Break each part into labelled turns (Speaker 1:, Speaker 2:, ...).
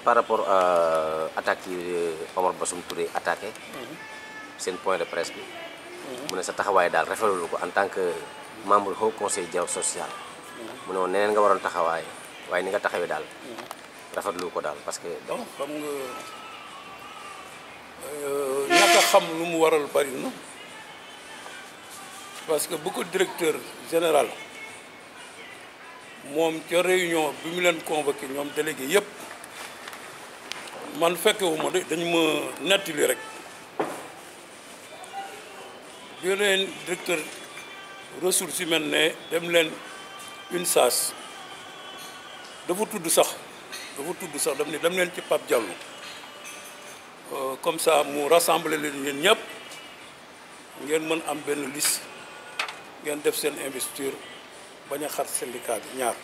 Speaker 1: par rapport eh, attaques yi Omar Bassoum Touré attaqué hmm. seen point de presse bi hmm. mu ne sa taxawaay daal rafetlu ko en tant que membre haut conseil dialogue social hmm. mu ne woon nga waroon taxawaay waaye ni nga taxawee daal rafetlu ko daal parce que donc xam nga euh, ñàkk xam lu mu waral bari na parce que bu directeur général réunion bi mu délégué man fekkewuma de dañ ma nettali rek bi leen directeur ressources humaines ne dem leen une sas dafa tudd sax dafa tudd sax daf ne dem leen ci Pape Diallo euh, comme ça mu rassembler leen yéen ñëpp ngeen mën am benn liste ngeen def seen investiture bañ a xar syndicat bi ñaar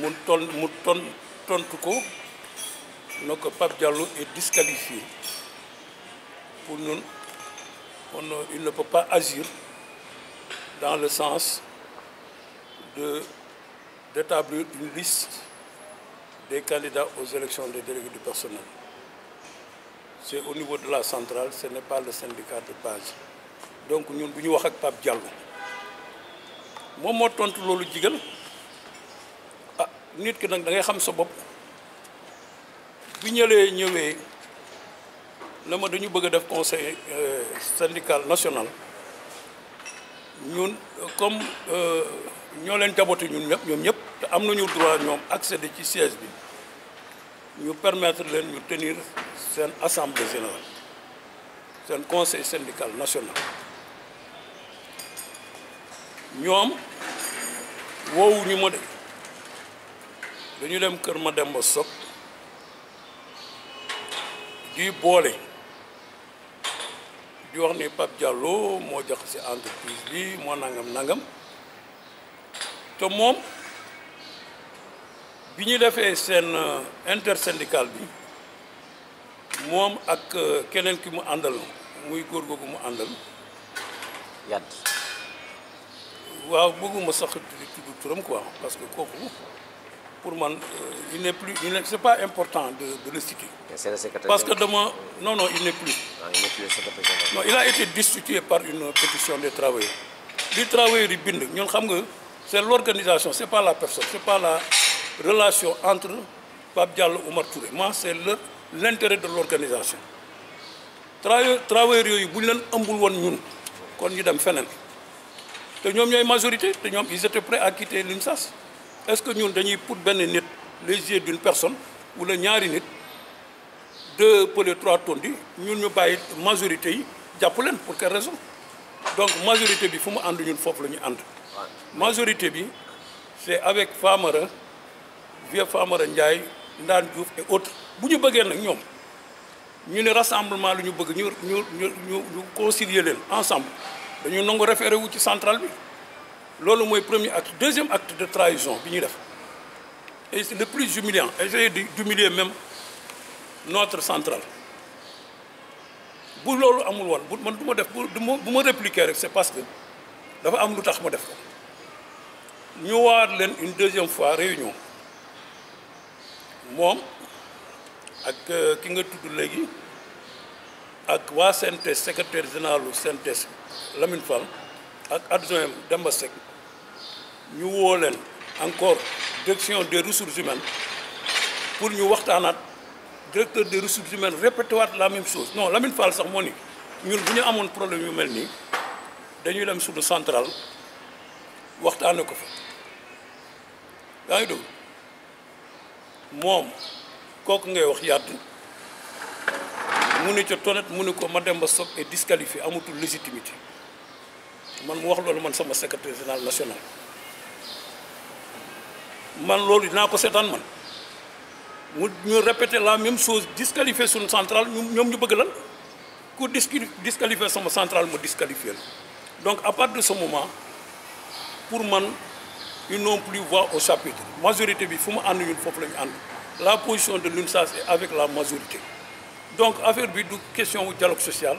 Speaker 1: mu ton mu ton tontu ko donc Pape Diallo est disqualifié. Pour nous, il ne peut pas agir dans le sens d'établir une liste des candidats aux élections des délégués du personnel. C'est au niveau de la centrale, ce n'est pas le syndicat de base. Donc nous, devons ñu wax Pape Diallo Moi, tontu loolu jigal ah nit ki nag nous avons fait conseil syndical national nous comme nous droit permettre de tenir cette assemblée générale un conseil syndical national Nous sommes, ñu dañu ciy boole di wax ne Pape Diallo moo jaxase entreprise bi moo nangam nangam te moom bi ñu defee seen euh, intersyndical bi moom ak euh, keneen ki mu àndal muy góor googu mu àndal yàdd waaw bëgguma sax tuddi tudd turam quoi parce que kooku pour moi, euh, il n'est plus, pas important de, le situer. Parce que demain, non, non, il n'est plus. il a été destitué par une pétition des travailleurs. Les travailleurs, ils Nous c'est l'organisation, c'est pas la personne, c'est pas la relation entre Pape Diallo Omar Touré. Moi, c'est l'intérêt de l'organisation. travailleurs, travailleurs, ils voulaient un nous, ils ont fait. majorité, ils étaient prêts à quitter l'insas est-ce que ñun dañuy pour ben nit les yeux d'une personne ou le ñaari nit deux les trois tondus nous ñun ñu majorité yi pour quelle raison donc majorité bi fu mu ñun fofu lañu and majorité bi c'est avec Famara vieux Famara Ndiaye ndan djouf et autres buñu bëggé nak ñom ñu ne rassemblement lu ñu bëgg ñu ñu ñu concilier leen ensemble dañu nongo référé wu ci centrale bi c'est le premier acte deuxième acte de trahison et c'est le plus humiliant Et j'ai d'humilier même notre centrale Si je amul le man ne répliquer c'est parce que dafa am lu def ko une deuxième fois réunion Moi, réunion. Moi, avec euh, King léegi ak secrétaire général Santé, la Lamine Fall ak adjoint Demba Seck ñu encore direction des ressources humaines pour nous voir, directeur des ressources humaines répété waat la même chose non Lamine Fall sax moo ni ñun bu ñu amoon problème yu mel nii dañuy dem suñu central waxtaane ko fa yaa ngi dégg moom kooku ngay wax yàdd mu ne ca tonnet mu ne ko Mademba Sock est disqualifié amatul légitimité man suis wax lolu man sama secrétaire général national man suis le ko seetaan man Je ñu répéter la même chose disqualifier central centrale ñom ñu bëgg lan disqualifier sama centrale mo disqualifier donc à partir de ce moment pour man ils n'ont plus voix au chapitre majorité bi fuma ñun la la position de l'UNSAS est avec la majorité donc affaire bi du question dialogue social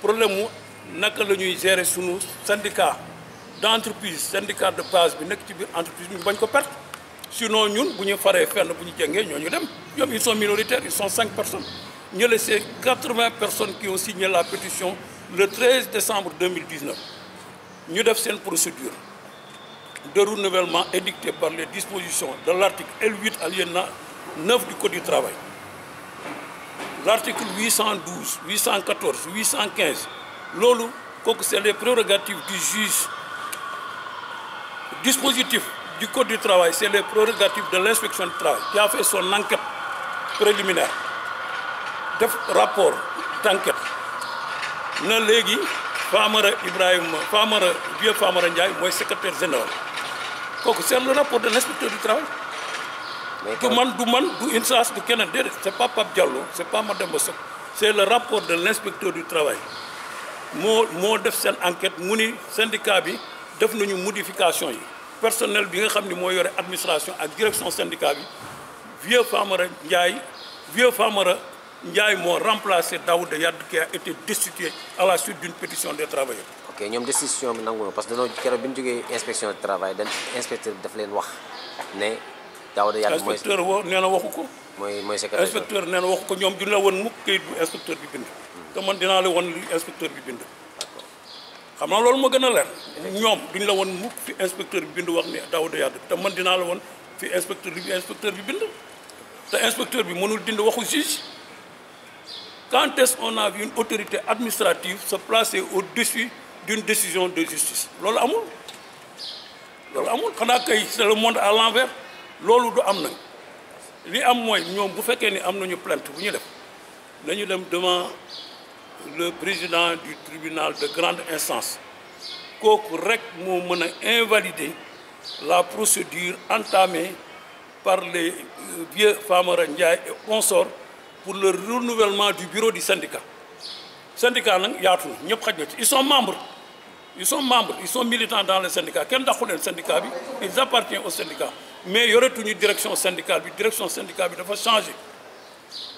Speaker 1: problème est naka gérer syndicat d'entreprise, syndicat de base bi nekk ci biir entreprise bi bañ ko perte sinon ñun bu ñu fenn bu ñu ñoo ñu dem aller ils sont minoritaires ils sont 5 personnes nous avons laissé 80 personnes qui ont signé la pétition le 13 décembre 2019 ñu def une procédure de renouvellement édictée par les dispositions de l'article L8 alinéa 9 du code du travail l'article 812 814 815 Lolo, c'est les prérogatives du juge dispositif du code du travail c'est les prérogatives de l'inspection du travail qui a fait son enquête préliminaire de rapport d'enquête na légui Famara ibrahim Famara vieux Famara Ndiaye secrétaire général donc c'est le rapport de l'inspecteur du travail man du man du c'est pas Pape Diallo c'est pas Madame c'est le rapport de l'inspecteur du travail moo moo def seen enquête mu syndicat bi def une modification yi personnel bi nga xam ni moo administration ak direction syndicat bi vieux Famara Ndiaye vieux Famara Ndiaye moo remplacé de Yad qui a été destitué à la suite d'une pétition des travailleurs. ok ñoom décision bi nangu parce que nous keroog bi inspection du travail dañ inspecteur bi daf leen wax Yad mooy mooy mooy secrétaire inspecteur nee wax ko ñom duñ la woon mukk inspecteur bi bind. te man dina la won inspecteur bi bind. xamna naa loolu ma leer. duñ la won mu fi inspecteur bi bind wax ni Daouda Yade te man dina la won fi inspecteur bi inspecteur bi bind. te inspecteur bi mënul dind waxu juge quand est-ce qu'on a vu une autorité administrative se placer au-dessus d'une décision de justice loolu amul loolu amul xana kay c'est le monde à l'envers loolu du am li am moy plainte le président du tribunal de grande instance qu'il rek la procédure entamée par les euh, vieux femmes Ndiaye et consorts pour le renouvellement du bureau du syndicat syndicat ils sont membres ils sont membres ils sont militants dans le syndicat syndicat ils appartiennent au syndicat mais la direction syndicale bi direction syndicale bi dafa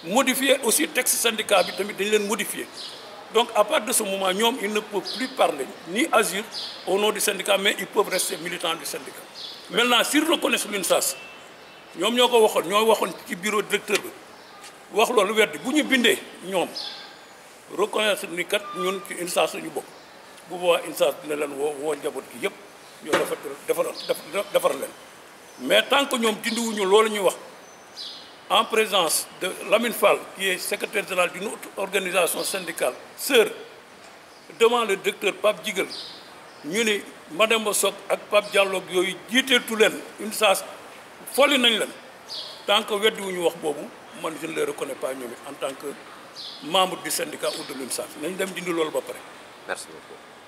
Speaker 1: modifier aussi le texte syndical, bi tamit dañ modifier donc à partir de ce moment ils ne peuvent plus parler ni agir au nom du syndicat mais ils peuvent rester militants du syndicat maintenant s'ils reconnaissent l'UNSAS ils ñoo ko waxoon ñoo waxoon ci bureau directeur bi wax loolu weddi bu ñu bindee ñoom reconnaître ni kat ñun ci UNSAS lañu bok bu boobaa UNSAS dina leen wo woo njaboot gi yëpp ñoo defar defar leen mais tant que nous avons en présence de Lamine Fall qui est secrétaire général d'une autre organisation syndicale sœur devant le directeur Pape Djigal madame et ak Pape une folli tant que wax man je ne les reconnais pas en tant que membre du syndicat ou de Nous merci beaucoup.